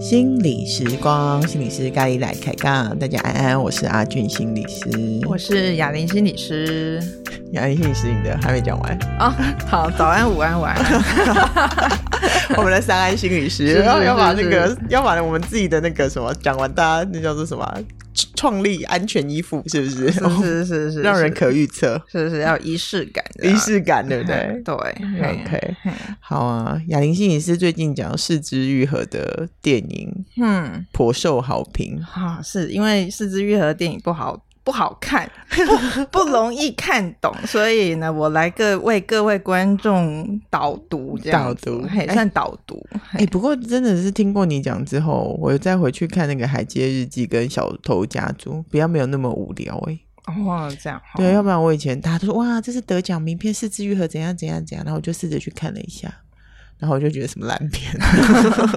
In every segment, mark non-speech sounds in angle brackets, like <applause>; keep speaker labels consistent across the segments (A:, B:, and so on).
A: 心理時光，心理師咖喱來開槓。大家安安，我是阿俊心理師，我
B: 是雅鈴心理師。
A: 雅鈴心，心理師，你的還沒講完
B: 啊、哦？好，早安、 <laughs> 午安、晚安。安
A: <laughs> <laughs> 我們的三安心理師要要把那個要把我們自己的那個什麼講完、啊，大家那叫做什麼？創立安全衣服是不是？是是是,是,是 <laughs> 讓人可預測，是是,是要儀式感，儀式感對不對？嗯、對，OK，、嗯、好啊。雅鈴心理師最近講是枝裕和的電影，嗯，頗受好評
B: 哈、啊，是因為是枝裕和的電影不好。不好看不，不容易看懂， <laughs> 所以呢，我來個為各位觀眾導讀，這樣子，還算導讀。
A: 哎、欸欸欸，不過真的是聽過你講之後，我再回去看那個《海街日記》跟《小偷家族》，不要沒有那麼無聊、欸。哎，哇，這樣，對、哦，要不然我以前大家都說，哇，這是得獎名片，是治愈合，怎樣怎樣怎樣，那我就試着去看了一下。然後我就覺得什麼爛片， <laughs> <laughs>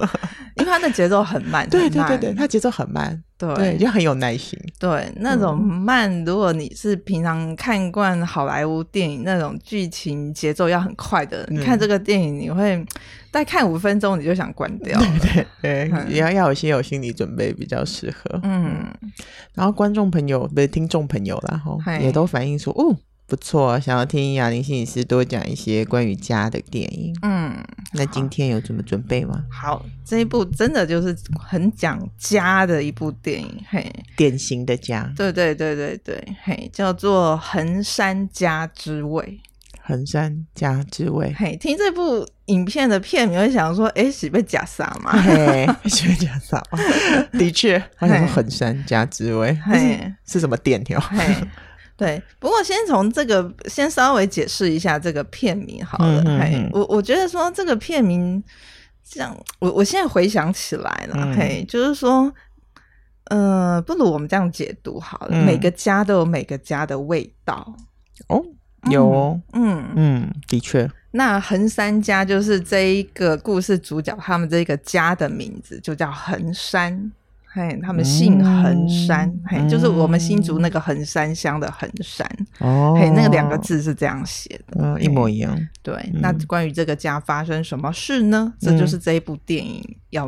A: 因為它的節奏很慢，對對對對，它節奏很慢，對，對，就很有耐心。對，那種慢，嗯，
B: 如果你是平常看慣好萊塢電影那種劇情節奏要很快的，嗯，你看這個電影你會大概看五分鐘你就想關掉，對對
A: 對， <laughs> 要要有些有心理準備比較適合。嗯，然後觀眾朋友，不是聽眾朋友啦，哈，也都反映說哦。不錯，想要聽雅鈴心理師多講一些關於家的電影。嗯，那今天有怎麼準備嗎？
B: 好，這一部真的就是很講家的一部電影，嘿，
A: 典型的家，
B: 對對對對對，嘿，叫做《橫山家之味》。
A: 橫山家之味，
B: 嘿，聽這部影片的片名，你會想說，哎、欸，喜歡假啥嗎？
A: 喜歡講啥嗎？的確，我想說《橫山家之味》嘿是，是什麼電影嘿。
B: 對，不過先從這個先稍微解釋一下這個片名好了。嗯嗯嗯 hey, 我我覺得說這個片名，這樣我我現在回想起來了，OK、嗯 hey, 就是說，呃，不如我們這樣解讀好了。嗯、每個家都有每個家的味道
A: 哦，嗯、有哦，嗯嗯，的確。
B: 那橫山家就是這一個故事主角，他們這個家的名字就叫橫山。嘿，他們姓橫山，嗯、嘿、嗯，就是我們新竹那個橫山鄉的橫山，哦，嘿，那個兩個字是這樣寫的，嗯、欸，一模一樣。對，嗯、那關於這個家發生什麼事呢、嗯？這就是這一部電影要，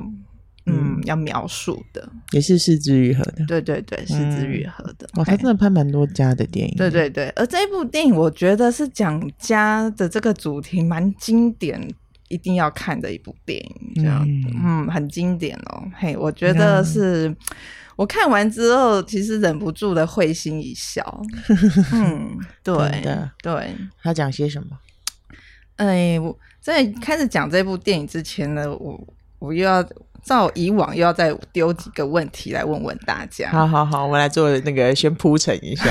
B: 嗯，嗯要描述的，
A: 也是是枝裕和的。對對對，是、嗯、枝裕和的。哦，他真的拍蠻多家的電影的。
B: 欸、對，對對對，而這一部電影，我覺得是講家的這個主題蠻經典的。一定要看的一部電
A: 影，這樣嗯，
B: 嗯，很經典哦，嘿、hey,，我覺得是、嗯，我看完之後，其實忍不住的會心一笑。 <laughs> 嗯，
A: 對，對，他講些什麼？
B: 哎、欸，我在開始講這部電影之前呢，我我又要照以往又要再丟幾個問題來問問大家。
A: 好，好，好，我們來做那個先鋪陳一
B: 下。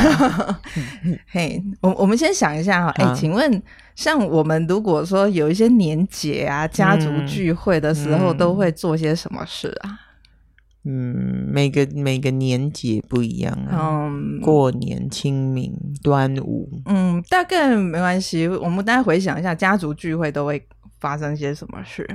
B: 嘿、 <laughs> <laughs> hey,，我我們先想一下哈、哦，哎、嗯欸，請問。像我們如果說有一些年節啊，家族聚會的時候、嗯嗯，都會做些什麼事啊？嗯，
A: 每個每個年節不一樣啊。嗯，過年、清明、端午，
B: 嗯，大概沒關係。我們大家回想一下，家族聚會都會發生些什麼事？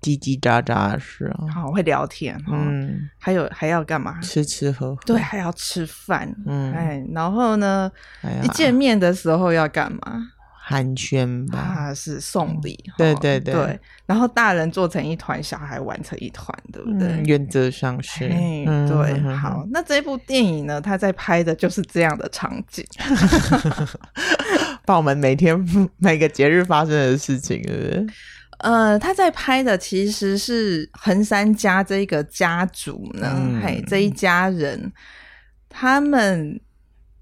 A: 嘰嘰喳喳，是
B: 啊，然後，哦，會聊天，哦，嗯，還有還要幹嘛？吃吃喝喝，對，還要吃飯，嗯，哎，然後呢，哎、一見面的時候要幹嘛？
A: 寒暄吧，
B: 啊、是送禮，對對對、哦、對，然後大人做成一團，小孩玩成一團，對不對？嗯、原
A: 則上是、嗯，對。好，那
B: 這部電影呢？他在拍的就是這樣的場景，
A: <laughs> <laughs> 把我們每天每個節日發生的事情，對不對？
B: 呃，他在拍的其實是橫山家這個家族呢，嗯、嘿，這一家人他們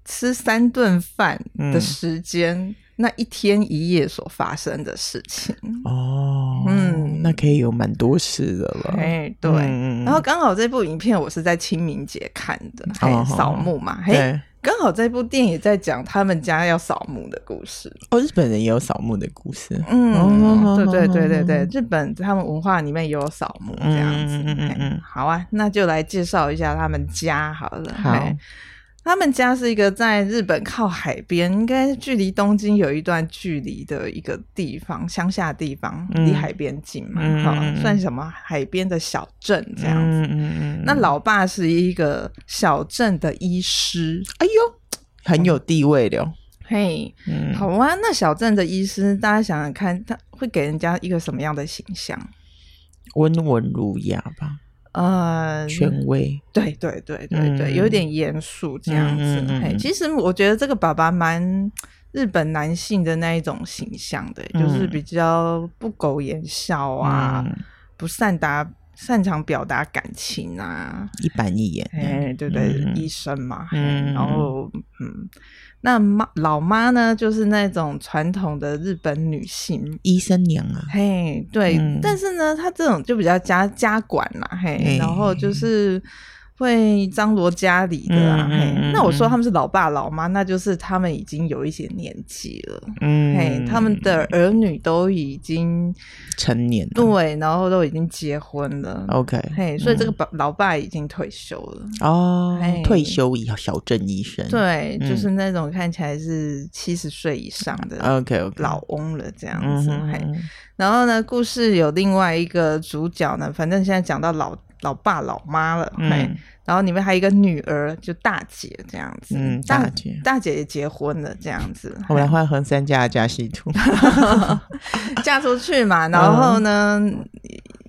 B: 吃三頓飯的時間。嗯那一天一夜所發
A: 生的事情哦，嗯，那可以有蠻多事的了。哎，對，嗯、然後
B: 剛好這部影片我是在清明節看的，還、哦、掃墓嘛，哦、嘿剛好這部電影在講他們家要掃墓的故事。
A: 哦，日本人也有掃墓的故事。嗯，對、嗯、對對對對，日
B: 本他們文化裡面也有掃墓這樣
A: 子。
B: 嗯嗯嗯，嗯，好啊，那就來介紹一下他們家好了。好。他們家是一個在日本靠海邊，應該距離東京有一段距離的一個地方，鄉下地方，離、嗯、海邊近嘛，嗯、好算什麼海邊的小鎮
A: 這樣子、嗯嗯。那
B: 老爸是一個小鎮的醫師，哎呦，
A: 很有地位的哦。嘿、hey, 嗯，
B: 好啊，那小鎮的醫師，大家想想看，他會給人家一個什麼樣的形象？
A: 溫文儒雅吧。
B: 嗯，權威，對對對對對，嗯、有點嚴肅這樣子嗯嗯嗯嗯嘿。其實我覺得這個爸爸蠻日本男性的那一種形象的，嗯、就是比較不苟言笑啊，嗯、不善打擅長表達感情啊，
A: 一板一眼，哎，對對，對、嗯，醫
B: 生嘛、嗯，然後，嗯，那媽，老媽呢，就是那種傳統的日本女性，醫生娘啊，嘿，對，嗯、但是呢，她這種就比較家家管嘛，嘿、欸，然後就是。會張羅家裡的啊、嗯嘿嗯，那我說他們是老爸老媽、嗯，那就是他們已經有一些年紀了，嗯，
A: 嘿，他
B: 們的兒女都已經
A: 成年了，
B: 對、欸，然後都已經結婚了，OK，嘿、嗯，所以這個爸老爸已經退休
A: 了哦、oh，退休以後小鎮醫生，對、嗯，就是那
B: 種看起來是七十歲以上的 OK 老翁了這樣子 okay, okay.、嗯，嘿，然後呢，故事有另外一個主角呢，反正現在講到老。老爸老媽了、嗯，然後裡面還有一個女兒，就大姐這樣子，嗯、大，大姐，大姐也結婚了，這樣子。我們來
A: 換橫山家的家系圖，
B: <laughs> <laughs> 嫁出去嘛，然後呢，嗯、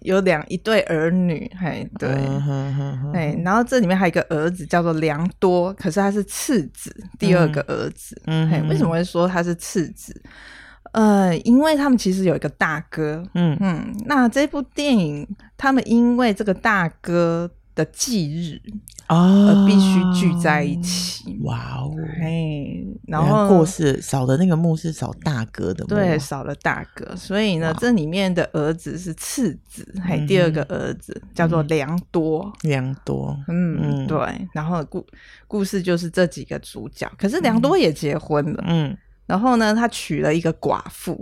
B: 有兩一對兒女，對、嗯嗯嗯，然後這裡面還有一個兒子叫做良多，可是他是次子，第二個兒子，嗯嗯、為什麼會說他是次子？呃，因為他們其實有一個大哥，嗯嗯，那這部電影他們因為這個大哥的忌日，哦，必須聚在一起，哦。哇哦，嘿，然後故事
A: 掃的那個墓是掃大哥的墓，對，
B: 掃了大哥，所以呢，這裡面的兒子是次子，嗯、還有第二個兒子叫做良多，嗯、良多，嗯、良多，嗯，對，然後故故事就是這幾個主角，可是良多也結婚了，嗯。嗯然後呢，他娶了一個寡婦，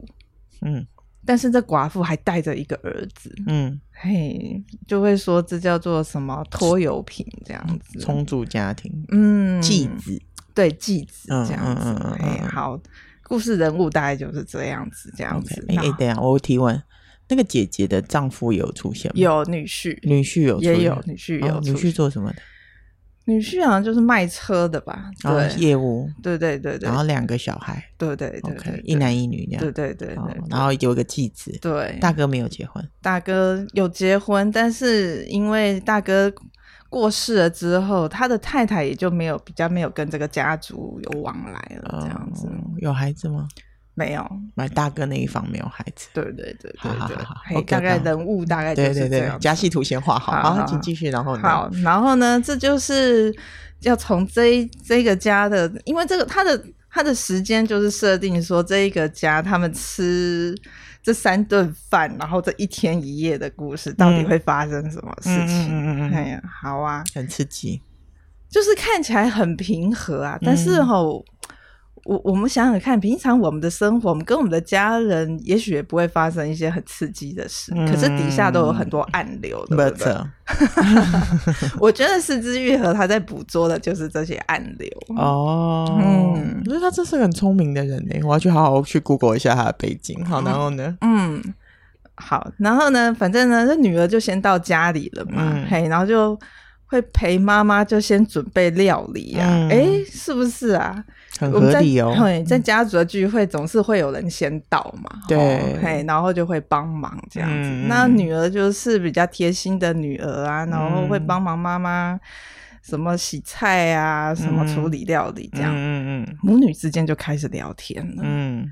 B: 嗯，但是這寡婦還帶着一個兒子，嗯，嘿，就會說這叫做什麼拖油瓶，嗯，這樣子，重組
A: 家庭，嗯，繼子，
B: 對，繼子，嗯，這樣子，哎，嗯嗯嗯嗯，好，嗯，故事人物大概就是這樣子，這樣子。哎
A: ，okay, 欸欸，等下我提問，那個姐姐的丈夫有出現嗎？有女婿，女婿有出現，也有女婿有出現，女婿做什麼的？
B: 女婿好、啊、像就是賣車的吧，然後、哦、業務，對對對對，然後兩個
A: 小孩，對對對、對、對，okay, 一男一女那樣、哦，對對對對，然後有一個繼子，對，大哥沒有結婚，
B: 大哥有結婚，但是因為大哥過世了之後，他的太太也就沒有比較沒有跟這個家
A: 族有往來了、哦、這樣子，有孩子嗎？沒有，買大哥那一房沒有孩子，對對對對對，對，對，好好好好
B: hey, OK, 大概人物大概對對對，家
A: 系圖先畫好，好，好，好，好，好，好，請繼續，然後好，
B: 然後呢，這就是要從這一這個家的，因為這個他的他的時間就是設定說，這一個家他們吃這三頓飯，然後這一天一夜的故事到底會發生什麼事情？嗯，哎呀、嗯嗯
A: 嗯，好啊，很刺激，
B: 就是看起來很平和啊，但是吼、哦。嗯我我們想想看，平常我們的生活，我們跟我們的家人，也許也不會發生一些很刺激的事，嗯、可是底下都有很多暗流的。對不對，不錯 <laughs> <laughs> 我覺得是枝裕和他在捕捉的就是這些暗流。哦，
A: 嗯，所以他真是個很聰明的人嘞。我要去好好去 Google 一下他的背景。嗯、好，然後呢嗯？嗯，好，
B: 然後呢？反正呢，這女兒就先到家裡了嘛。嗯、嘿，然後就。會陪媽媽就先準備料理啊，誒、嗯，欸、是不是啊？
A: 很合理哦我們在。
B: 在家族的聚會總是會有人先到嘛，對，哦、然後就會幫忙這樣子、嗯。那女兒就是比較貼心的女兒啊，然後會幫忙媽媽什麼洗菜啊、嗯，什麼處理料理這樣。嗯嗯，嗯，嗯，母女之間就開始聊天了。嗯，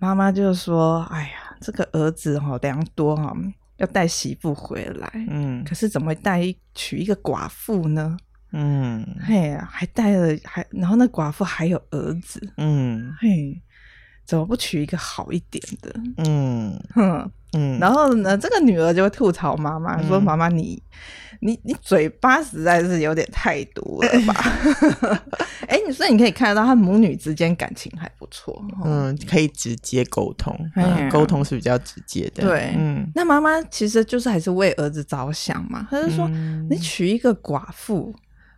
B: 媽媽就說：“哎呀，這個兒子哈、喔，良多哈、喔。”要帶媳婦回來，嗯，可是怎麼帶娶一個寡婦呢？嗯，嘿，還帶了，還然後那寡婦還有兒子，嗯，嘿。怎麼不娶一個好一點的？嗯，嗯，然後呢，這個女兒就會吐槽媽媽、嗯、說：“媽媽，你你你嘴巴實在是有點太毒了吧？”哎、 <laughs> <laughs> 欸，所以你可以看得到，她母女之間感情還不錯、嗯。嗯，
A: 可以直接溝通，溝、嗯、通是比較直接的。嗯、對，
B: 嗯，那媽媽其實就是還是為兒子着想嘛，她就說、嗯：“你娶一個寡婦，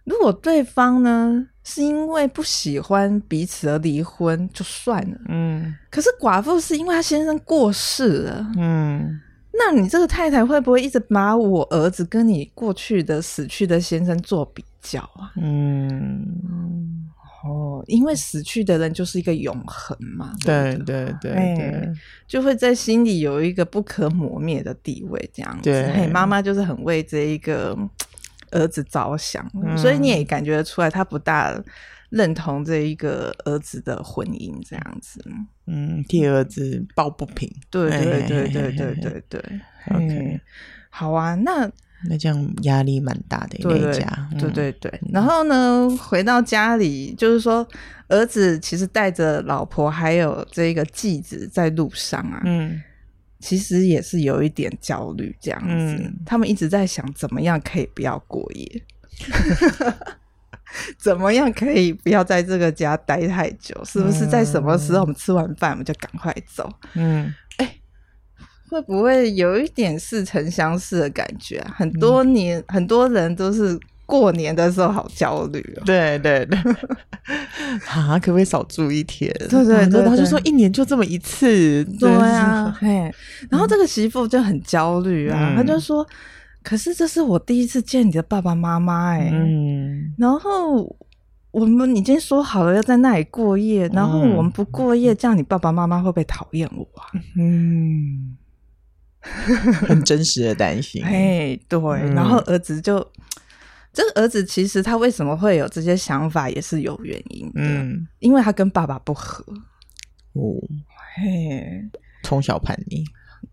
B: 如果對方呢？”是因為不喜歡彼此而離婚就算了。嗯。可是寡婦是因為她先生過世了。嗯。那你這個太太會不會一直把我兒子跟你過去的死去的先生做比較啊？嗯。哦，因為死去的人就是一個永恆嘛。對對對、欸、對對對。就會在心裡有一個不可磨滅的地位，這樣子對。欸、媽媽就是很為這一個，兒子着想，所以你也感覺得出來，他不大認同這一個兒子的婚姻這樣子。嗯，
A: 替兒子抱不平。對對對對對對對、對、對、對、對嘿嘿嘿
B: 嘿。OK、嗯、好啊，那那這樣
A: 壓力蠻大的一個家，對對對、對、嗯。
B: 然後呢，回到家裡，就是說兒子其實帶着老婆還有這一個繼子在路上啊。嗯。其實也是有一點焦慮，這樣子、嗯。他們一直在想，怎麼樣可以不要過夜？ <laughs> <laughs> 怎麼樣可以不要在這個家待太久？是不是在什麼時候我們吃完飯我們就趕快走？嗯，哎、欸，會不會有一點似曾相識的感覺、啊？很多年、嗯，很多人都是。過年的時候好焦慮、哦，對
A: 對對，哈、 <laughs> 啊、可不可以少住一天？對對對對、啊？對對對，他就說一年就這麼一次，對，對啊， <laughs>
B: 嘿。然後這個媳婦就很焦慮啊、嗯，他就說：“可是這是我第一次見你的爸爸媽媽、欸，哎，嗯。然後我們已經說好了要在那裡過夜，然後我們不過夜，嗯、這樣你爸爸媽媽會不會討厭我啊？
A: 嗯， <laughs> 很真實的擔心， <laughs> 嘿，對、嗯。然後
B: 兒子就。”這個兒子其實他為什麼會有這些想法，也是有原因的，嗯，因為他跟爸爸不和，
A: 哦，嘿，從小叛逆。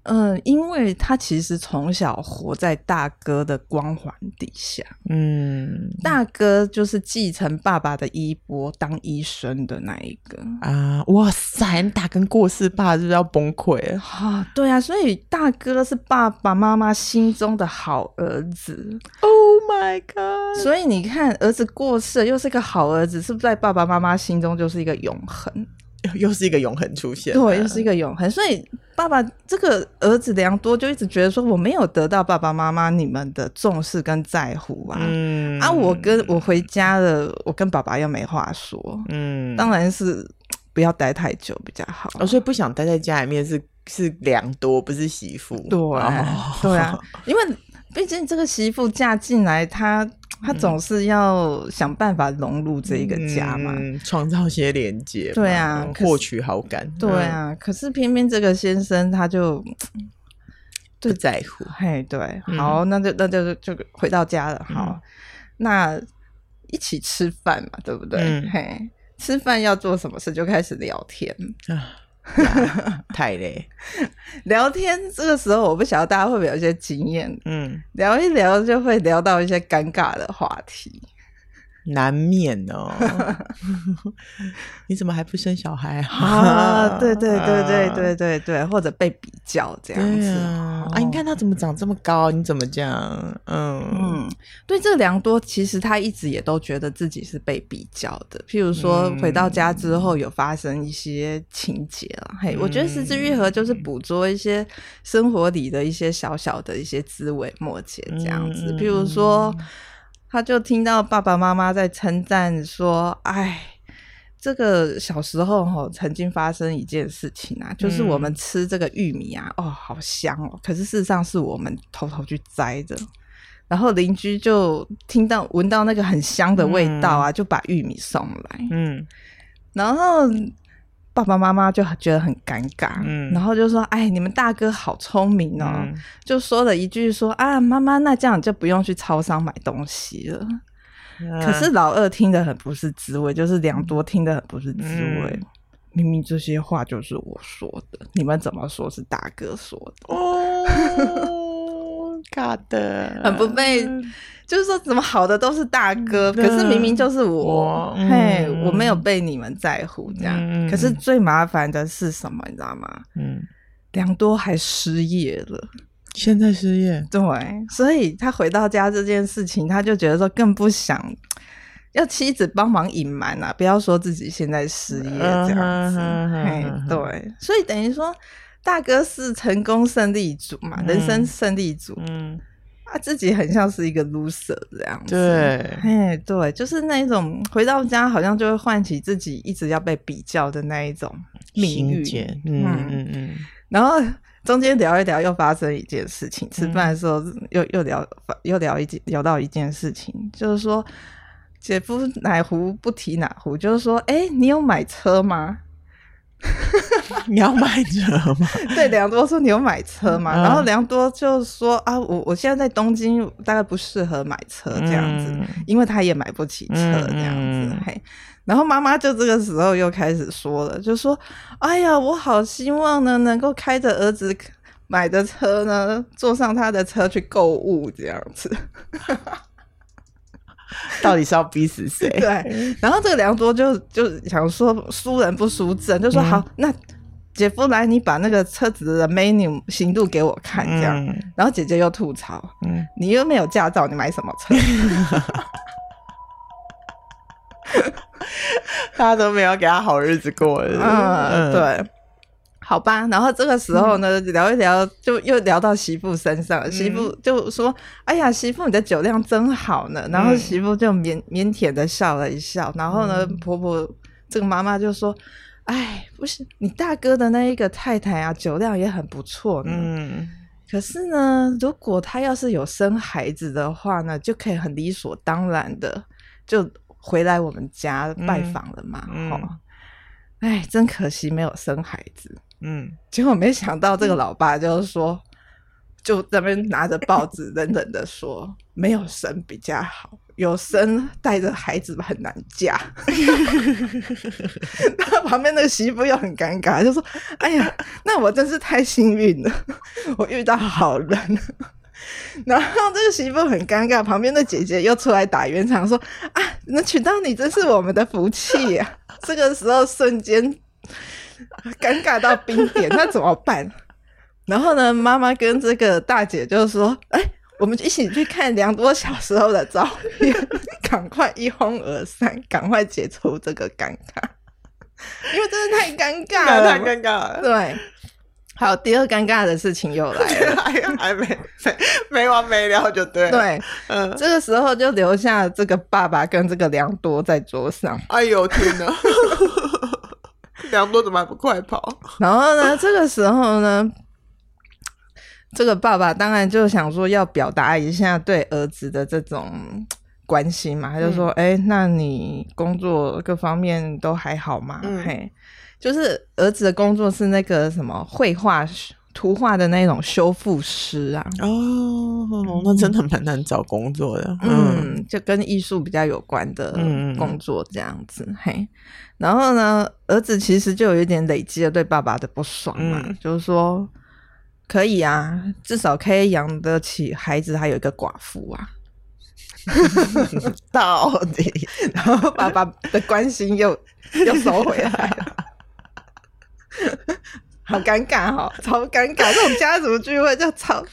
B: 嗯，因為他其實從小活在大哥的光環底下，嗯，大哥就是繼承爸爸的衣缽當
A: 醫生的那一個啊！哇塞，你打跟過世爸是不是要崩潰
B: 啊？啊，對啊，所以大哥是爸爸媽媽心中的好兒子。Oh my god！所以你看，兒子過世又是個好兒子，是不是在爸爸媽媽心中就是一個永恆？又是一個永恆出現，對，又是一個永恆。所以爸爸這個兒子良多就一直覺得說，我沒有得到爸爸媽媽你們的重視跟在乎啊。嗯，啊，我跟我回家了，我跟爸爸又沒話說。
A: 嗯，當然是不要待太久比較好。啊、哦，所以不想待在家裡面是是良多，不是媳婦。對，啊、哦，對啊，
B: 因為畢竟這個媳婦嫁進來，她他總是要想辦法融入這一個家嘛，
A: 創、嗯、造些連接，對啊，獲取好感，對啊、嗯。
B: 可是偏偏這個先生他就不在乎，嘿，
A: 對。好，
B: 嗯、那就那就就回到家了，好，嗯、那一起吃飯嘛，對不對？嘿、嗯，吃飯要做什麼事就開始聊天啊、太累， <laughs> 聊天這個時候我不曉得大家會不會有一些經驗，嗯，聊一聊就會聊到一些尷尬的話題。
A: 難免哦， <laughs> 你怎麼還不生小孩啊？啊 <laughs> 啊對對對對對
B: 對對、啊，或者被比較這樣子啊，啊？你看他怎麼長這麼高，你怎麼這樣嗯，嗯，對，這良多其實他一直也都覺得自己是被比較的。譬如說，回到家之後有發生一些情節了、啊嗯。嘿，我覺得是枝裕和就是捕捉一些生活裡的一些小小的一些枝微末節這樣子，譬、嗯、如說。他就聽到爸爸媽媽在稱讚說：“哎，這個小時候曾經發生一件事情啊，就是我們吃這個玉米啊、嗯，哦，好香哦！可是事實上是我們偷偷去摘的，然後鄰居就聽到聞到那個很香的味道啊、嗯，就把玉米送來。嗯，然後。”爸爸媽媽就覺得很尷尬、嗯，然後就說：“哎，你們大哥好聰明哦、嗯！”就說了一句說：“說啊，媽媽，那這樣就不用去超商買東西了。嗯”可是老二聽得很不是滋味，就是良多聽得很不是滋味、嗯。明明這些話就是我說的，你們怎麼說是大哥說的？哦 <laughs> 很不被，嗯、就是說，怎麼好的都是大哥，嗯、可是明明就是我、嗯，嘿，我沒有被你們在乎這樣。嗯、可是最麻煩的是什麼，你知道嗎？嗯，良多還失業了，現在失業，對，所以他回到家這件事情，他就覺得說更不想要妻子幫忙隱瞞了，不要說自己現在失業這樣子，啊啊啊啊嘿啊啊啊、對，所以等於說。大哥是成功勝利組嘛，嗯，人生勝利組，嗯，他自己很像是一個 loser 這樣子，對，哎，對，就是那一種回到家好像就會喚起自己一直要被比較的那一種情緒，嗯嗯嗯。然後中間聊一聊，又發生一件事情，吃飯的時候又，嗯，又聊，又聊一件聊到一件事情，就是說，姐夫哪壺不提哪壺，就是說，哎，欸，你有買車嗎？ <laughs> 你要買車嗎？ <laughs> 對，良多說你有買車嘛、嗯，然後良多就說啊，我我現在在東京大概不適合買車這樣子、嗯，因為他也買不起車這樣子。嗯嗯，然後媽媽就這個時候又開始說了，就說哎呀，我好希望呢能夠開着兒子買的車呢，坐上他的車去購物這樣子。 <laughs>
A: 到底是要逼死誰？ <laughs> 對，
B: 然後這個良多就就想說輸人不輸陣，就說好，嗯、那姐夫來，你把那個車子的 menu 行度給我看，這樣、嗯。然後姐姐又吐槽，嗯、你又沒有駕照，你買什麼車？ <laughs> <laughs> 大
A: 家都沒有給他好日子過是是、嗯嗯。對。
B: 好吧，然後這個時候呢，嗯、聊一聊就又聊到媳婦身上、嗯，媳婦就說：“哎呀，媳婦你的酒量真好呢。嗯”，然後媳婦就腼腼腆的笑了一笑。然後呢，嗯、婆婆這個媽媽就說：“哎，不是你大哥的那一個太太啊，酒量也很不錯呢。嗯」可是呢，如果他要是有生孩子的話呢，就可以很理所當然的就回來我們家拜訪了嘛，嗯齁哎，真可惜沒有生孩子。
A: 嗯，
B: 結果沒想到這個老爸就是說，嗯、就在那邊拿着報紙冷冷的說：“ <laughs> 沒有生比較好，有生帶着孩子很難嫁。
A: <laughs> ”
B: 那 <laughs> <laughs> 旁邊那個媳婦又很尷尬，就說：“哎呀，那我真是太幸運了，我遇到好人。 <laughs> ”然後這個媳婦很尷尬，旁邊的姐姐又出來打圓場說：“啊，能娶到你真是我們的福氣呀、啊。 <laughs> ”這個時候瞬間尷尬到冰點，那 <laughs> 怎麼辦？然後呢，媽媽跟這個大姐就說：“哎，我們一起去看良多小時候的照片， <laughs> 趕快一哄而散，趕快解除這個尷尬，因
A: 為真的太尷尬了，太尷尬了。”對。
B: 好，第二尷尬的事情又來了，還 <laughs> 還
A: 沒沒完沒了，就對了對、嗯，
B: 這個時候就留下這個爸爸跟這個良多在桌上。
A: 哎呦天哪！ <laughs> 良多怎麼還不快跑？
B: 然後呢，這個時候呢，這個爸爸當然就想說要表達一下對兒子的這種關心嘛、嗯，他就說：“哎、欸，那你工作各方面都還好嗎？”嗯、嘿。就是兒子的工作是那個什麼繪畫、圖畫的那種修復師啊。哦，那真的蠻難找工作的。嗯，嗯就跟藝術比較有關的工作這樣子、嗯。嘿，然後呢，兒子其實就有一點累積了對爸爸的不爽嘛、嗯。就是說，可以啊，至少可以養得起孩子，還有一個寡婦啊。 <laughs> 到底， <laughs> 然後爸爸的關心又
A: <laughs> 又收回來了。
B: <laughs> 好尷尬哈， <laughs> 超尷尬！ <laughs> 這種家族聚會就超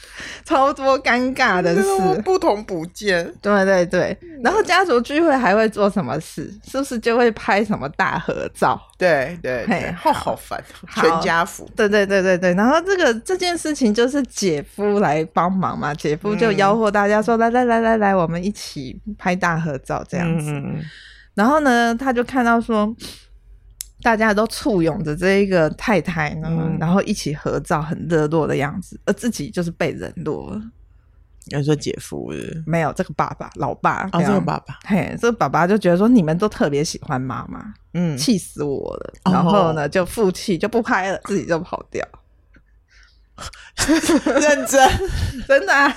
B: 超多尷尬的事，嗯、不同不見。對對對、嗯，然後家族聚會還會做什麼事？是不是就會拍什麼大合照？對對對，好，
A: 好煩，全家
B: 福。對對對對對，然後這個這件事情就是姐夫來幫忙嘛，姐夫就吆喝大家說、嗯：“來來來來來，我們一起拍大合照這樣子。嗯”然後呢，他就看到說。大家都簇擁着這一個太太呢、嗯，然後一起合照，很熱絡的樣子，而自己就是被冷落了。你說姐夫是不是沒有這個爸爸，老爸啊、哦，這個爸爸，嘿，這個爸爸就覺得說你們都特別喜歡媽媽，嗯，氣死我了。然後呢，哦、就負氣就不拍了，自己就跑掉。 <laughs> 認真 <laughs> 真的、啊， <laughs>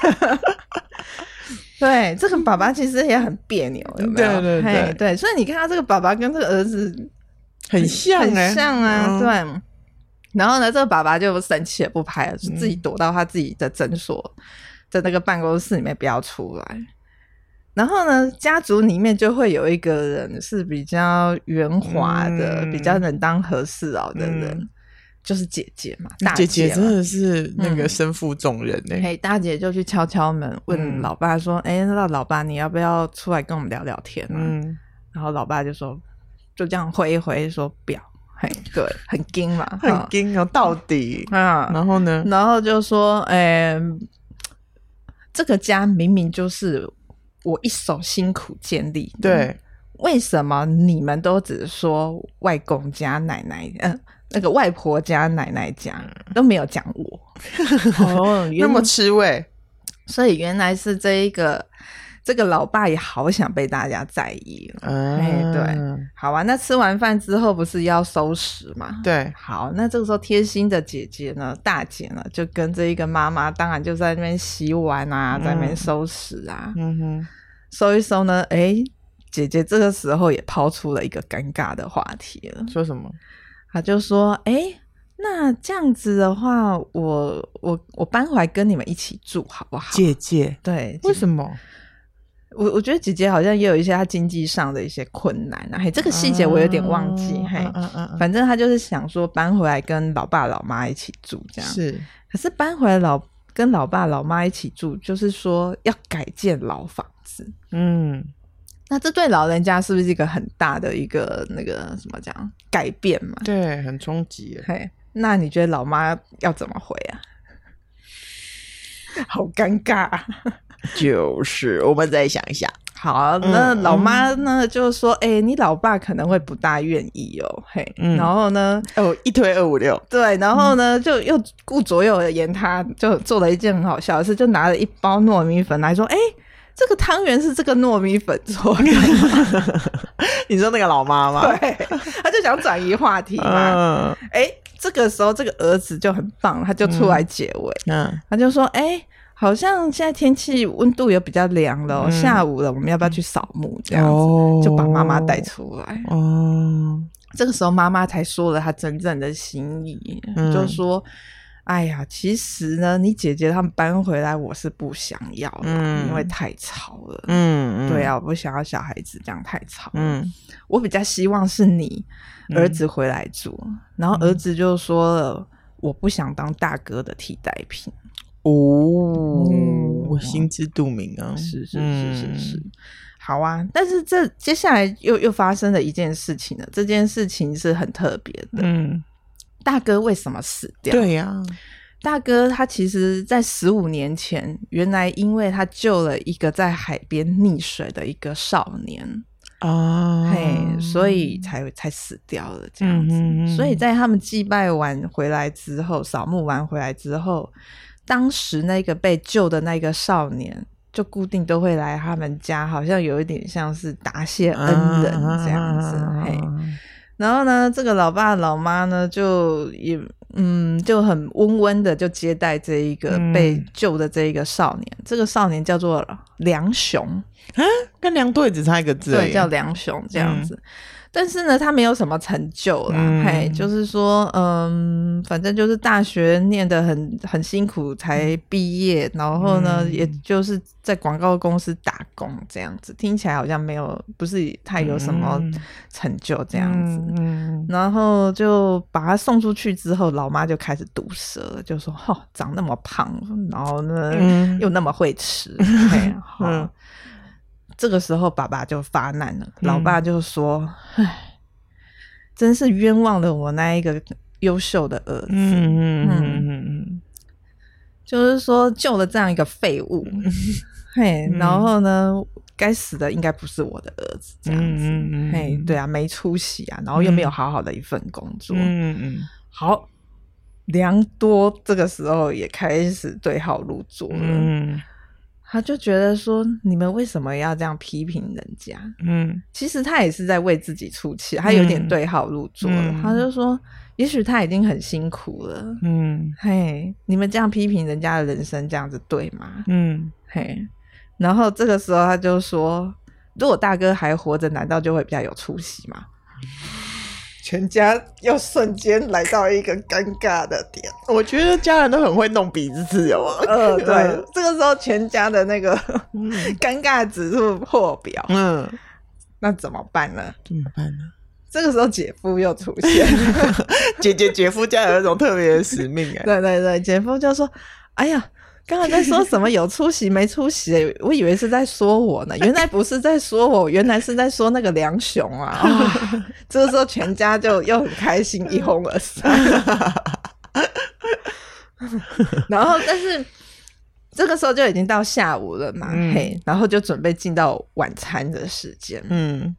B: <laughs> 對這個爸爸其實也很別扭有沒有，對對對對，所以你看到這個爸爸跟這個兒子。很像、欸，很像啊、哦，對。然後呢，這個爸爸就生氣也不拍了、嗯，就自己躲到他自己的診所在那個辦公室裡面，不要出來。然後呢，家族裡面就會有一個人是比較圓滑的，嗯、比較能當和事佬、喔嗯、的人，就是姐姐嘛，、嗯、大姐嘛。姐姐真的
A: 是那個身負重任哎、欸。
B: 哎、嗯，大姐就去敲敲門，問老爸說：“哎、嗯欸，那老爸你要不要出來跟我們聊聊天？”啊？嗯」然後老爸就說。就這樣揮一揮，說表嘿對，很硬嘛，很硬要、喔嗯、到底啊。然後呢，然後就說，誒、欸，這個家明明就是我一手辛苦建立，對，為什麼你們都只說外公家、奶奶嗯、呃，那個外婆家、奶奶家都沒有講我？哦， <laughs> 那麼吃味，所以原來是這一個。這個老爸也好想被大家在意了，哎、嗯欸，對，好啊。那吃完飯之後不是要收拾嘛？對，好。那這個時候貼心的姐姐呢，大姐呢，就跟着一個媽媽，當然就在那邊洗碗啊，嗯、在那邊收拾啊。嗯哼，收一收呢？哎、欸，姐姐這個時候也拋出了一個尷尬的話題了。說什麼？她就說：“哎、欸，那這樣子的話我，我我我搬回來跟你們一起住好不好？”姐姐，對，為什麼？我我覺得姐姐好像也有一些她經濟上的一些困難啊，嘿，這個細節我有點忘記，啊、嘿、啊啊，反正她就是想說搬回來跟老爸老媽一起住這樣，是，可是搬回來老跟老爸老媽一起住，就是說要改建老房子，
A: 嗯，
B: 那這對老人家是不是一個很大的一個那個什麼講改變嘛？對，很衝擊。嘿，那你覺得老媽要怎麼回啊？好尷尬、啊。
A: 就是，我們再想一下。
B: 好、啊，那老媽呢，嗯、就是說，哎、欸，你老爸可能會不大願意哦，嘿。嗯、然後
A: 呢，哦，一推二五六，
B: 對，然後呢，嗯、就又顧左右而言他，他就做了一件很好笑的事，就拿了一包糯米粉來說，哎、欸，這個湯圓是這個糯米粉做的。
A: 說 <laughs> <laughs> 你說那個老媽嗎？對，
B: 他就想轉移話題嘛、啊。哎、嗯欸，這個時候這個兒子就很棒，他就出來解圍、嗯。嗯，他就說，哎、欸。好像現在天氣溫度有比較涼了、哦嗯，下午了，我們要不要去掃墓？這樣子、哦、就把媽媽帶出來。哦、嗯，這個時候媽媽才說了她真正的心意、嗯，就說：“哎呀，其實呢，你姐姐他們搬回來，我是不想要的，嗯、因為太吵
A: 了嗯。嗯，對啊，
B: 我不想要小孩子這樣太吵。嗯，我比較希望是你兒子回來住、嗯。然後兒子就說了、嗯，我不想當大哥
A: 的替代品。”哦、嗯，我心知肚明啊，是是是是是，是、嗯，好啊。
B: 但是這接下來又又發生了一件事情呢。這件事情是很特別的。嗯，大哥為什麼死掉？對呀、啊，大哥他其實，在十五年前，原來因為他救了一個在海邊溺水的一個少年啊、哦，嘿，所以才才死掉了這樣子嗯嗯。所以在他們祭拜完回來之後，掃墓完回來之後。當時那個被救的那個少年，就固定都會來他們家，好像有一點像是答謝恩人這樣子。啊、然後呢，這個老爸老媽呢，就也嗯，就很溫溫的就接待這一個被救的這一個少年。嗯、這個少年叫做良雄。
A: 跟良多只差一個字，對，叫良
B: 雄這樣子。嗯但是呢，他沒有什麼成就啦，嗯，嘿，就是說，嗯，反正就是大學念得很很辛苦才畢業，嗯，然後呢，嗯，也就是在廣告公司打工這樣子，聽起來好像沒有不是太有什麼成就這樣子，嗯，然後就把他送出去之後，嗯，老媽就開始毒舌了，就說：“哈、哦，長那麼胖，然後呢，嗯，又那麼會吃，嗯嘿 <laughs> 這個時候，爸爸就發難了、嗯。老爸就說：“唉，真是冤枉了我那一個優秀的兒子，嗯哼哼哼嗯、就是說救了這樣一個廢物，嗯、嘿，然後呢、嗯，該死的應該不是我的兒子，這樣子、嗯哼哼，嘿，對啊，沒出息啊，然後又沒有好好的一份工作，嗯哼哼，好，良多這個時候也開始對號入座了，嗯他就覺得說，你們為什麼要這樣批評人家？嗯，其實他也是在為自己出氣，他有點對號入座了，嗯嗯。他就說，也許他已經很辛苦了。嗯，嘿，你們這樣批評人家的人生，這樣子對嗎？嗯，嘿。然後這個時候，他就說，如果大哥還活着，難道就會比較有出息嗎？全家又瞬間來到一個尷尬的點，
A: 我覺得家人都很會弄彼此哦。嗯、呃，對，
B: <laughs> 這個時候全家的那個尷、嗯、尬的指數破表。嗯，那怎麼辦呢？怎麼辦呢？這個時候姐夫又出現了，
A: <laughs> <laughs> 姐,姐姐姐夫家有一種特別的使命哎、啊。 <laughs>
B: 對對對，姐夫就說：“哎呀。”剛才在說什麼有出息沒出息。我以為是在說我呢，原來不是在說我，原來是在說那個梁雄啊。哦、 <laughs> 這個時候全家就又很開心， <laughs> 一哄而了散。 <laughs> 然後，但是這個時候就已經到下午了嘛、嗯，嘿，然後就準備進到晚餐的時間。嗯，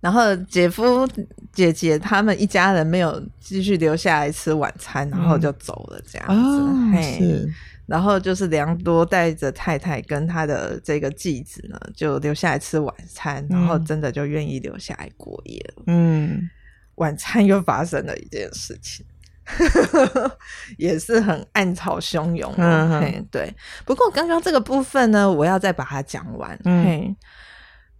B: 然後姐夫姐姐他們一家人沒有繼續留下來吃晚餐，然後就走了這樣子，哦哦、是嘿。然後就是良多帶着太太跟他的這個繼子呢，就留下來吃晚餐，嗯，然後真的就願意留下來過夜。嗯，晚餐又發生了一件事情， <laughs> 也是很暗潮洶湧，啊嗯。對，不過剛剛這個部分呢，我要再把它講完。嗯，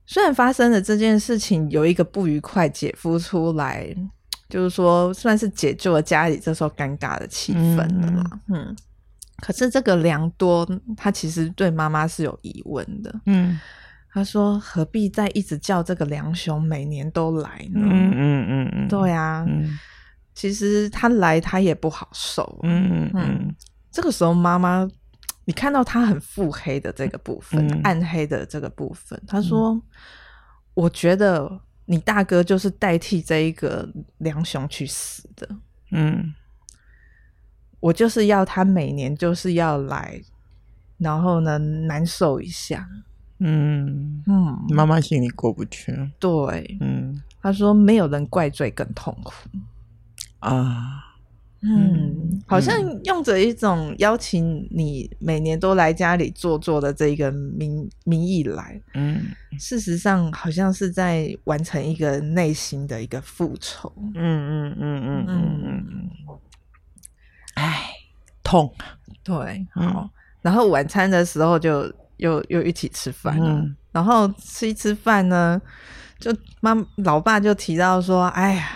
B: 雖然發生了這件事情，有一個不愉快，姐夫出來，就是說算是解救了家裡這時候尷尬的氣氛的啦嗯。嗯可是這個良多，他其實對媽媽是有疑問的。嗯，他說：“何必再一直叫這個梁雄每年都來呢？”嗯嗯嗯，對啊，嗯。其實他來他也不好受啊，嗯
A: 嗯
B: 嗯嗯。這個時候媽媽，你看到他很腹黑的這個部分，嗯嗯，暗黑的這個部分，他說：“嗯、我覺得你大哥就是代替這一個梁雄去死的。嗯”我就是要他每年就是要來，然後呢，難受一下。嗯
A: 嗯，媽媽心裡過不去。對，嗯，
B: 他說沒有人怪罪更痛苦
A: 啊。嗯，嗯，好像
B: 用着一種邀請你每年都來家裡坐坐的這個名名義來。嗯，事實上好像是在完成一個內心的一個復仇。嗯嗯嗯嗯嗯嗯嗯。哎，痛。對、嗯，好。然後晚餐的時候就又又一起吃飯、嗯、然後吃一吃飯呢，就媽老爸就提到說：“哎呀，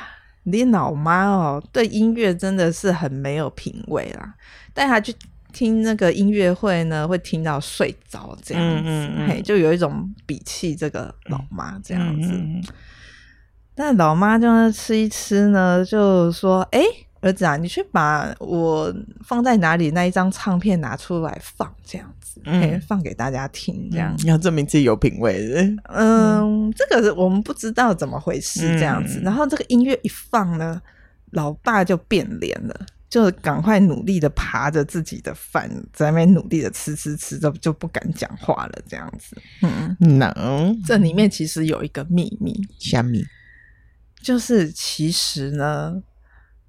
B: 你老媽哦、喔，對音樂真的是很沒有品味啦。帶她去聽那個音樂會呢，會聽到睡着這樣子，嗯嗯嗯嘿，就有一種鄙棄這個老媽這樣子。嗯嗯嗯，但老媽就那吃一吃呢，就說：哎、欸。”兒子啊，你去把我放在哪裡那一張唱片拿出來放，這樣子、嗯欸，放給大家聽，這樣子、嗯、
A: 要證明自己有品味嗯。
B: 嗯，這個我們不知道怎麼回事，這樣子、嗯，然後這個音樂一放呢，老爸就變臉了，就趕快努力的扒着自己的飯，在那邊努力的吃吃吃，就不敢講話了，這樣子，
A: 嗯，能、no、這裡面
B: 其實有一個秘密，蝦米，就是其實呢。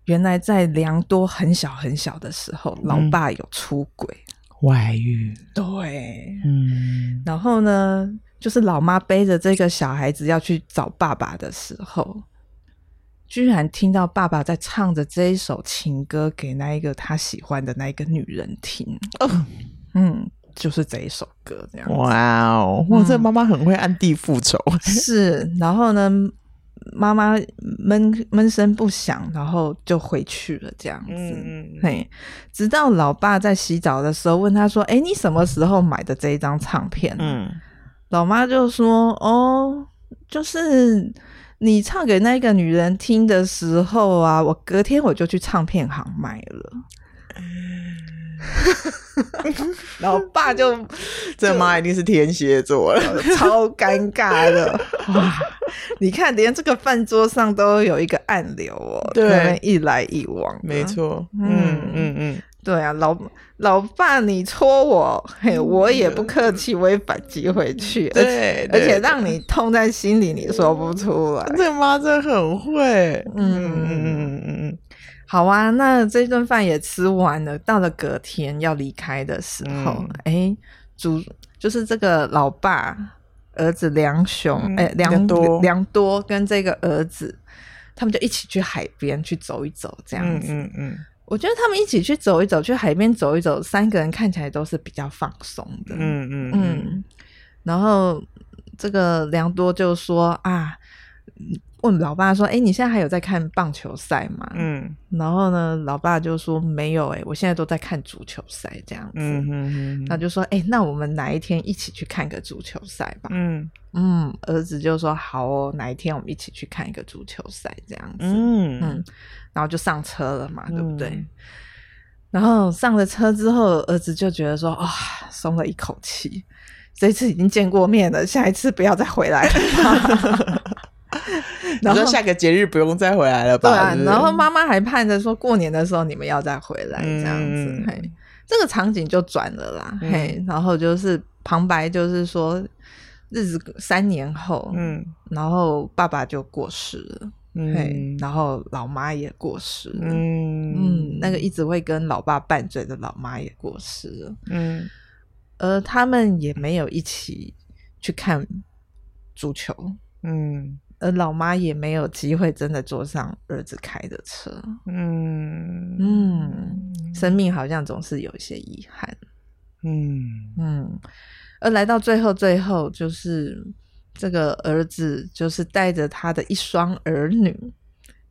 B: 原來在良多很小很小的時候，嗯、老爸有出軌
A: 外遇，
B: 對，嗯，然後呢，就是老媽背着這個小孩子要去找爸爸的時候，居然聽到爸爸在唱着這一首情歌給那一個他喜歡的那一個女人聽，嗯、哦、嗯，就是這一首歌這樣，哇
A: 哦，哇、嗯，這媽媽很會暗地復仇，是，
B: 然後呢？媽媽悶悶聲不響，然後就回去了，這樣子，嗯。直到老爸在洗澡的時候問他說：“哎，你什麼時候買的這一張唱片？”嗯，老媽就說：“哦，就是你唱給那個女人聽的時候啊，我隔天我就去唱片行買了。”嗯
A: <laughs> 老爸就 <laughs> 這媽一定是天蠍座了，
B: <laughs> 超尷尬的哇！你看，連這個飯桌上都有一個暗流哦，對，一來一往，沒錯，嗯嗯嗯，嗯，對啊，老老爸你戳我、嗯，嘿，我也不客氣，我也反擊回去，對，對，對，而且讓你痛在心裡，你說不出來，
A: 這媽、個、真的很會，
B: 嗯嗯嗯。好啊，那這頓飯也吃完了。到了隔天要離開的時候，哎、嗯欸，主就是這個老爸兒子梁雄，哎、嗯欸，梁多梁多跟這個兒子，他們就一起去海邊去走一走，這樣子。嗯
A: 嗯
B: 嗯。我覺得他們一起去走一走，去海邊走一走，三個人看起來都是比較放鬆的。嗯嗯嗯，嗯。然後這個梁多就說啊。問老爸說：“哎、欸，你現在還有在看棒球賽嗎？”嗯，然後呢，老爸就說：“沒有、欸，哎，我現在都在看足球賽這樣子。嗯哼嗯哼”嗯嗯，他就說：“哎、欸，那我們哪一天一起去看個足球賽吧？”嗯嗯，兒子就說：“好哦，哪一天我們一起去看一個足球賽這樣子。嗯”嗯嗯，然後就上車了嘛，對不對、嗯？然後上了車之後，兒子就覺得說：“啊、哦，鬆了一口氣，這次已經見過面了，下一次不要再回來了。
A: <laughs> ”然 <laughs> 後下個節日不用再回來了吧，然後，對啊，是不是？然後媽
B: 媽還盼着說過年的時候你們要再回來，嗯、這樣子。嘿，這個場景就轉了啦，嗯。嘿，然後就是旁白就是說，日子三年後，嗯，然後爸爸就過世了，嗯，然後老媽也過世了，嗯，嗯那個一直會跟老爸拌嘴的老媽也過世了，嗯，而他們也沒有一起去看足球，嗯。而老媽也沒有機會真的坐上兒子開的車，嗯嗯，生命好像總是有一些遺憾，嗯嗯，而來到最後，最後就是這個兒子就是帶着他的一雙兒女。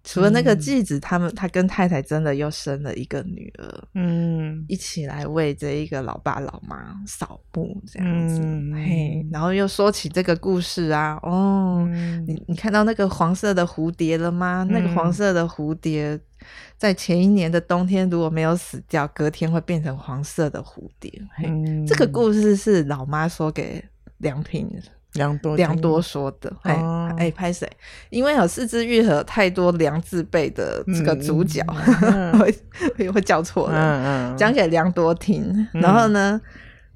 B: 除了那個繼子、嗯，他們他跟太太真的又生了一個女兒，嗯，一起來為這一個老爸老媽掃墓這樣子，嗯、嘿，然後又說起這個故事啊，哦，嗯、你你看到那個黃色的蝴蝶了嗎、嗯？那個黃色的蝴蝶在前一年的冬天如果沒有死掉，隔天會變成黃色的蝴蝶。嘿嗯、這個故事是老媽說給梁平。
A: 梁多,梁多
B: 說的，哎哎拍誰？因為有四只癒合太多梁字輩的這個主角會會、嗯、 <laughs> 會叫錯了。講嗯嗯給梁多聽、嗯，然後呢，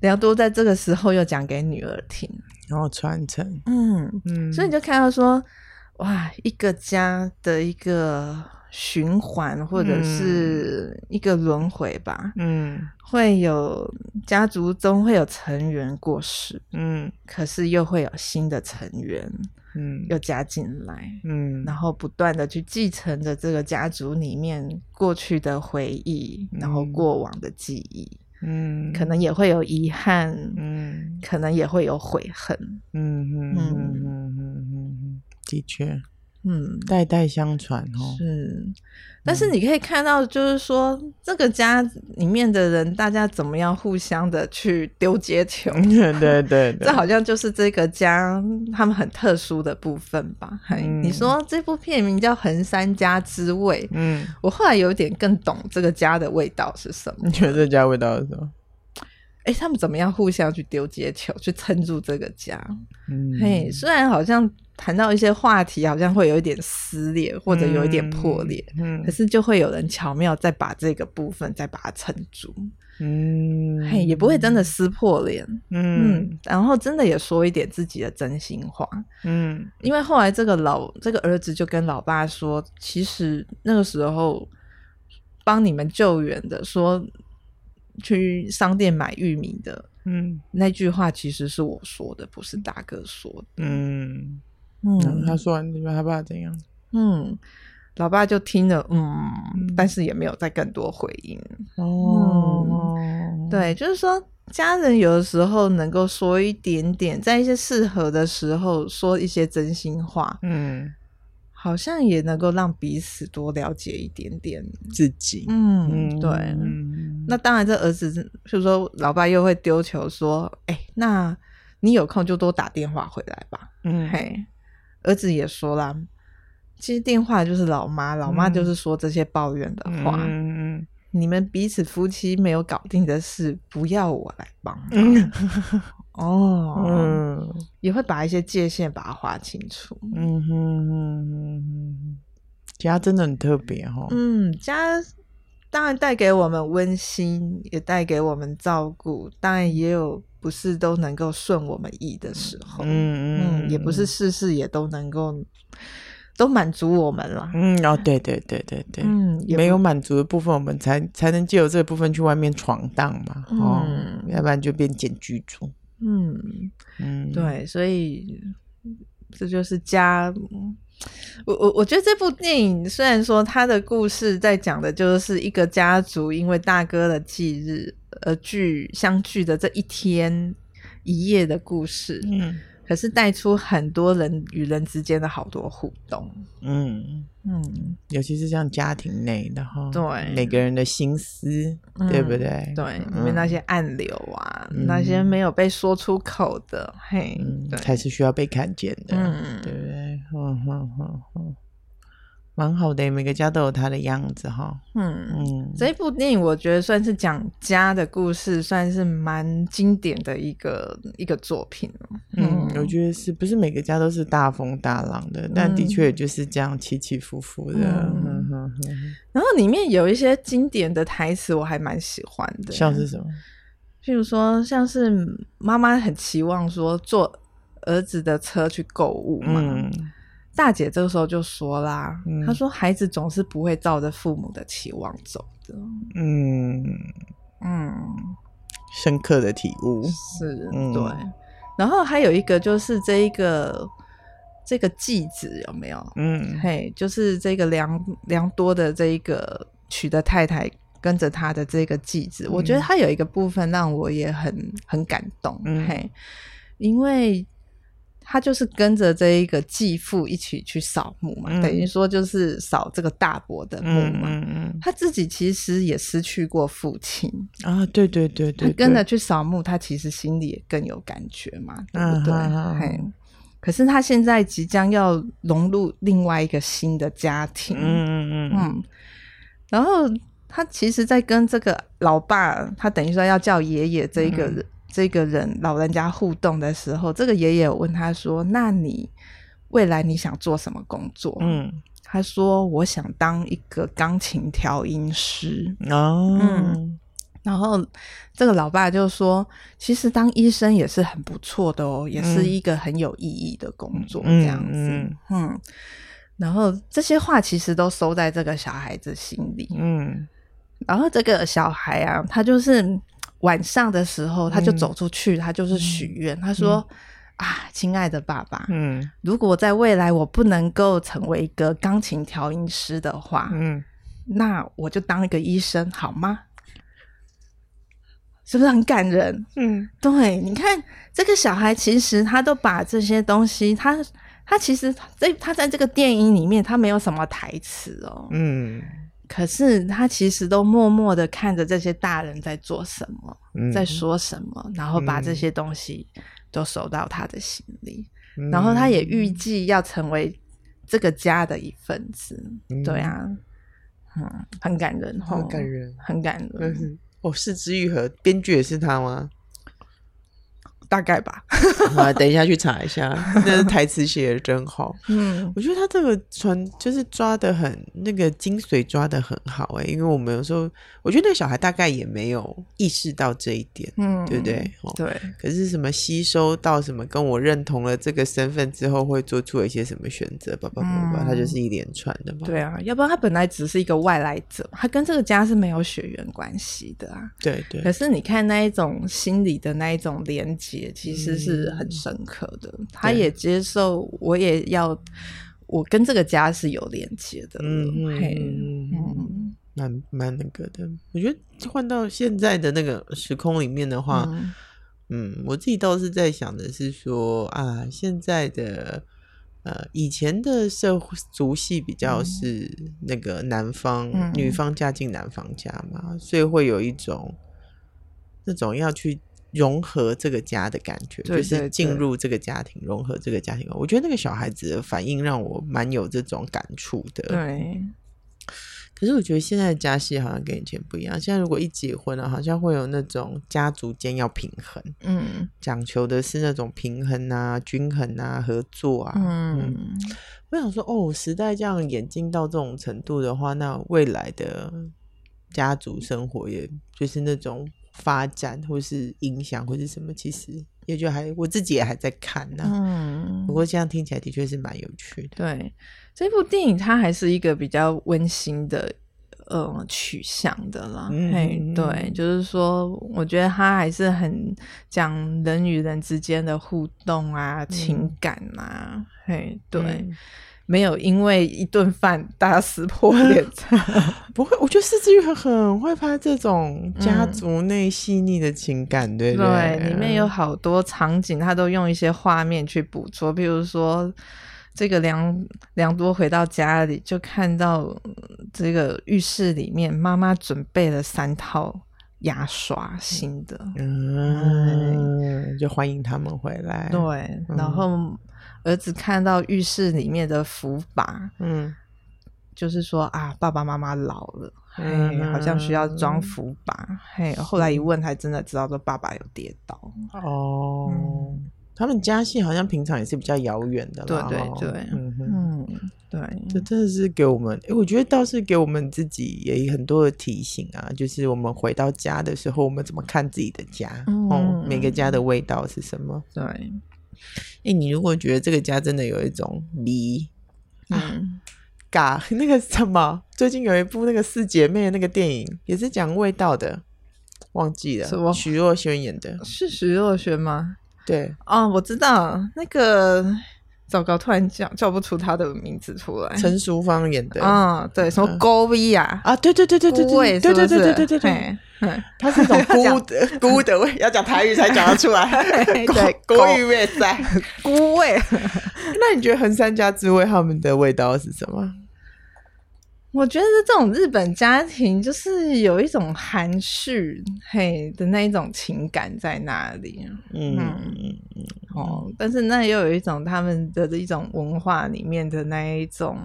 B: 梁多在這個時候又講給女兒聽，
A: 然後傳承。
B: 嗯嗯，所以你就看到說，嗯、哇，一個家的一個。循環或者是一個輪迴吧，嗯，會有家族中會有成員過世，嗯，可是又會有新的成員，嗯，又加進來，嗯，然後不斷地去繼承着這個家族裡面過去的回憶，嗯，然後過往的記憶，嗯，可能也會有遺憾，嗯，可能也會有悔恨，嗯嗯
A: 嗯嗯嗯，的確。嗯，代代相傳哦。是，
B: 但是你可以看到，就是說、嗯、這個家裡面的人，大家怎麼樣互相的去丟接
A: 球？ <laughs> 對，對，對對對， <laughs> 這好
B: 像就是這個家他們很特殊的部分吧？嗯、你說這部片名叫《橫山家之味》？嗯，我後來有點更懂，這個家的味道是什麼？你
A: 覺得這家味道是什麼？
B: 誒、欸、他們怎麼樣互相去丟接球，去撐住這個家？嗯，
A: 嘿，
B: 雖然好像談到一些話題，好像會有一點撕裂，或者有一點破裂，嗯，嗯，可是就會有人巧妙再把這個部分再把它撐住，嗯，嘿，也不會真的撕破臉，嗯，嗯，嗯，然後真的也說一點自己的真心話，嗯，因為後來這個老這個兒子就跟老爸說，其實那個時候幫你們救援的說。去商店買玉米的，嗯，那句話其實是我說的，不是大哥說的，嗯嗯，他說完，你說他爸爸怎樣？嗯，老爸就聽了嗯，嗯，但是也沒有再更多回應，哦，嗯、對，就是說家人有的時候能夠說一點點，在一些適合的時候說一些真心話，嗯。好像也能夠讓彼此多了解一點點
A: 自己。嗯，嗯對
B: 嗯。那當然，這兒子就是說：“老爸又會丟球，說，哎、欸，那你有空就多打電話回來吧。”嗯，嘿，兒子也說了，接電話就是老媽，老媽就是說這些抱怨的話。嗯你們彼此夫妻沒有搞定的事，不要我來幫忙。嗯 <laughs> 哦，嗯，也會把一些界限把它劃清楚。嗯
A: 哼，家真的很特別哈、哦。嗯，
B: 家當然帶給我們溫馨，也帶給我們照顧，當然也有不是都能夠順我們意的時
A: 候。嗯嗯，嗯，也不是
B: 事事也都能夠
A: 都滿足我們了。嗯，哦，對對對對對，嗯，沒有滿足的部分，我們才才能借由這個部分去外面闖蕩嘛、哦。嗯，要不然就變繭居族。嗯，
B: 嗯，對，所以這就是家。我我我覺得這部電影雖然說它的故事在講的就是一個家族因為大哥的忌日而聚相聚的這一天一夜的故事。嗯。可是帶出很多人與人之間的好多互動，嗯
A: 嗯，尤其是像家庭內的哈，對每個人的心思，嗯、對不對？對、嗯，因為那些暗流啊、嗯，那些沒有被說出口的，嗯、嘿，才是需要被看見的，嗯、對不對？嗯嗯嗯嗯。蠻好的、欸，每個家都有它的樣子哈。嗯
B: 嗯，這部電影我覺得算是講家的故事，算是蠻經典的一個一個作品嗯，嗯，
A: 我覺得是不是每個家都是大風大浪的？嗯、但的確也就是這樣起起伏伏的、嗯嗯嗯。
B: 然後裡面有一些經典的台詞，我還蠻喜歡的、欸。像是什麼？譬如說，像是媽媽很期望說坐兒子的車去購物嘛。嗯大姐這個時候就說啦：“嗯、她說孩子總是不會照着父母的期望走的。嗯”
A: 嗯嗯，深刻的體悟是、嗯、對。
B: 然後還有一個就是這一個這個繼子有沒有？嗯、嘿、hey，就是這個良良多的這一個娶的太太跟着他的這個繼子、嗯，我覺得他有一個部分讓我也很很感動。嘿、嗯 hey，因為。他就是跟着這一個繼父一起去掃墓嘛，嗯、等於說就是掃這個大伯的墓嘛。嗯嗯嗯他自己其實也失去過父親
A: 啊，對對對,對,對他跟着
B: 去掃墓，他其實心裡也更有感覺嘛，對不對？嗯、哼哼 hey, 可是他現在即將要融入另外一個新的家庭，嗯嗯嗯嗯。嗯然後他其實，在跟這個老爸，他等於說要叫爺爺這一個人。嗯這個人老人家互動的時候，這個爺爺問他說：“那你未來你想做什麼工作？”嗯。他說：“我想當一個鋼琴調音師。”哦。嗯。然後這個老爸就說：“其實當醫生也是很不錯的哦，也是一個很有意義的工作。”嗯。這樣子。嗯，嗯，嗯。嗯。然後這些話其實都收在這個小孩子心裡。嗯。然後這個小孩啊，他就是。晚上的時候，他就走出去，嗯、他就是許願、嗯。他說：“嗯、啊，親愛的爸爸，嗯，如果在未來我不能夠成為一個鋼琴調音師的話，嗯，那我就當一個醫生，好嗎？是不是很感人？嗯，對，你看這個小孩，其實他都把這些東西，他他其實在，在他在這個電影裡面，他沒有什麼台詞哦，嗯。”可是他其實都默默的看着這些大人在做什麼、嗯，在說什麼，然後把這些東西都收到他的心裡，嗯、然後他也預計要成為這個家的一份子、嗯。對啊，嗯，很感人，很感人，很感人。
A: 嗯、哦，是枝裕和，編劇也是他嗎？大概吧、 <laughs> 啊，等一下去查一下。 <laughs> 那是台詞寫的真好，嗯，我覺得他這個傳就是抓的很那個精髓，抓的很好哎、欸。因為我們有時候，我覺得那個小孩大概也沒有意識到這一點，嗯，對不對？哦、對。可是什麼吸收到什麼，跟我認同了這個身份之後，會做出一些什麼選擇，爸爸媽媽，他就是一連串的嘛。對
B: 啊，要不然他本來只是一個外來者，他跟這個家是沒有血緣關係的啊。對對。可是你看那一種心理的那一種連接。也其實是很深刻的，嗯、他也接受，我也要，我跟這個家是有連接的，
A: 嗯，嗯，蠻蠻、嗯、那個的。我覺得換到現在的那個時空裡面的話，嗯，嗯我自己倒是在想的是說啊，現在的呃，以前的社會族系比較是那個男方嗯嗯女方嫁進男方家嘛，所以會有一種那種要去。融合這個家的感覺，就是進入這個家庭，融合這個家庭。我覺得那個小孩子的反應讓我蠻有這種感觸的。對。可是我覺得現在的家系好像跟以前不一樣。現在如果一結婚了，好像會有那種家族間要平衡，嗯，講求的是那種平衡啊、均衡啊、合作啊。嗯，嗯我想說，哦，時代這樣演進到這種程度的話，那未來的家族生活，也就是那種。發展或是影響或是什麼，其實也就還我自己也還在看，啊、嗯，不過這樣聽起來的確是蠻有趣的。對，這部電影它還是一個比
B: 較溫馨的呃取向的啦，嗯。嘿，對，就是說，我覺得它還是很講人與人之間的互動啊，嗯、情感啊，嗯。嘿，對。嗯沒有，因為一頓飯大家撕破臉。
A: <laughs> <laughs> 不會，我覺得《是枝裕》很會拍這種家族內細膩的情感，嗯，對不對？對，裡面有
B: 好多場景，他都用一些畫面去捕捉。比如說，這個良良多回到家裡，就看到這個浴室裡面媽媽準備了三套牙
A: 刷，新的嗯，嗯，就歡迎他們回來。對，嗯、然後。
B: 兒子看到浴室裡面的扶把，嗯，就是說啊，爸爸媽媽老了，嗯，好像需要裝扶把、嗯，嘿。後來
A: 一問，才真的知道說爸爸有跌倒。哦、嗯，他們家系好像平常也是比較遙遠的，對對對，哦、對對嗯，嗯對。這真的是給我們、欸，我覺得倒是給我們自己也很多的提醒啊。就是我們回到家的時候，我們怎麼看自己的家？嗯，嗯，每個家的味道是什麼？嗯、對。欸、你如果覺得這個家真的有一種味，嗯、啊，嘎，那個什麼，最近有一部那個四姐妹那個電影，也是講味道的，忘記了，徐若萱演的，是徐若萱嗎？對，
B: 哦，我知道那個。糟糕，突然叫叫不出他的名字出來。成熟
A: 方言的，啊、哦，
B: 對，什麼菇味啊、嗯？啊，對對對對對對，是是對，對對對對對對對，
A: 它是一種菇、啊、菇的菇的味、嗯、要講台語才講得出來。哎、對，菇味菇味。 <laughs> 那你覺得橫山家之味他們的味道是什麼？
B: 我覺得這種日本家庭就是有一種含蓄嘿的那一種情感在那裡，嗯，哦，但是那又有一種他們的這一種文化裡面的那一種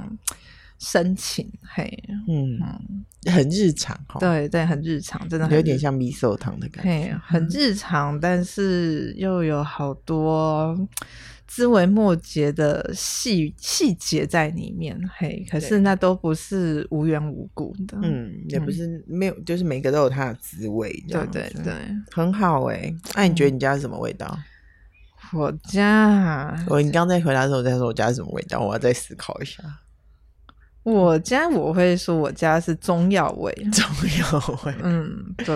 B: 深情嘿嗯，嗯，
A: 很日常對、哦、對，很日常，真的很日常，有點像味噌湯的感覺
B: 嘿，很日常，但是又有好多。枝微末節的細細節在裡面嘿，可是那都不
A: 是無緣無故的，嗯，也不是沒有，嗯、就是每個都有它的滋味，對，對對對，很好誒、欸。那、啊、你覺得你家是什麼味道？嗯、我家，我你剛在回答的時候我在說我家是什麼味道，我要再思考一下。我家，我會說我家是中藥味，中藥味，嗯，對，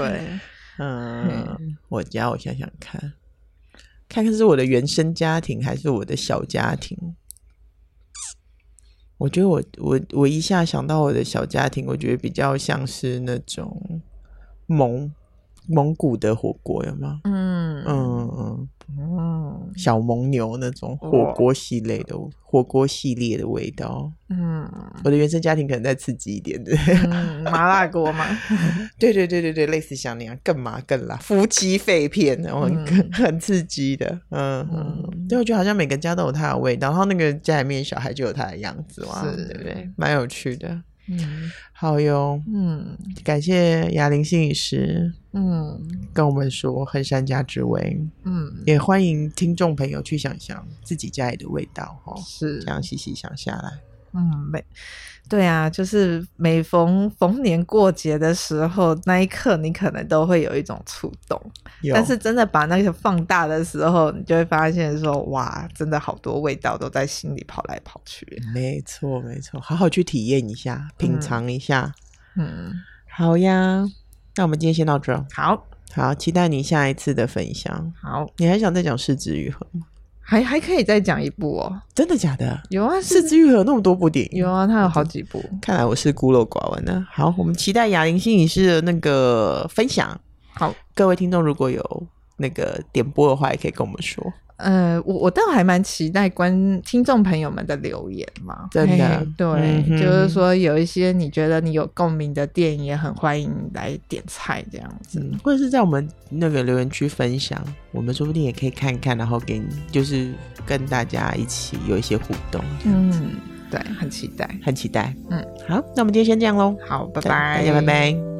A: 嗯，嗯嗯，我家我想想看。看看是我的原生家庭還是我的小家庭？我覺得我我我一下想到我的小家庭，我覺得比較像是那種蒙蒙古的火鍋，有嗎？嗯嗯嗯。嗯嗯，小蒙牛那種火鍋系列的，哦，火鍋系列的味道。嗯，我的原生家庭可能再刺激一點的，嗯，麻辣鍋嗎？ <laughs> 對對對對對，類似像那樣更麻更辣，夫妻肺片，很，嗯嗯、很刺激的嗯。嗯，對，我覺得好像每個家都有它的味道，然後那個家裡面小孩就有它的樣子，哇，是對不對？蠻有趣的。嗯，好喲。嗯，感謝雅鈴心理師。嗯，跟我們說，橫山家之味。嗯，也歡迎聽眾朋友去想想自己家裡的味道，哦、喔，是這樣細細想下來。
B: 嗯，每對啊，就是每逢逢年過節的時候，那一刻你可能都會有一種觸動，但是真的把那個放大的時候，你就會發現說，哇，真
A: 的好多味道都在心裡跑來跑去。沒錯，沒錯，好好去體驗一下，品嚐一下嗯。嗯，好呀。那我們今天先到這兒。好好期待你下一次的分享。好，你還想再講是枝裕和
B: 嗎？還還可以再講一部哦？
A: 真的假的？有啊，是枝裕和那麼多部電影，有啊，它有好幾部。看來我是孤陋寡聞了、啊。好，我們期待雅鈴心理師的那個分享。好，各位聽眾如果有那個點播的話，也可以跟我們說。
B: 呃，我我倒還蠻期待觀聽眾朋友們的留言嘛，真的，對，嗯，就是說有一些你覺得你有共鳴的電影，也很歡迎來點菜這樣子，
A: 或者是在我們那個留言區分享，我們說不定也可以看一看，然後給你，就是跟大家一起有一些互動。嗯，對，很期待，很期待。嗯，好，那我們今天先這樣嘍。好，拜拜，大家拜拜。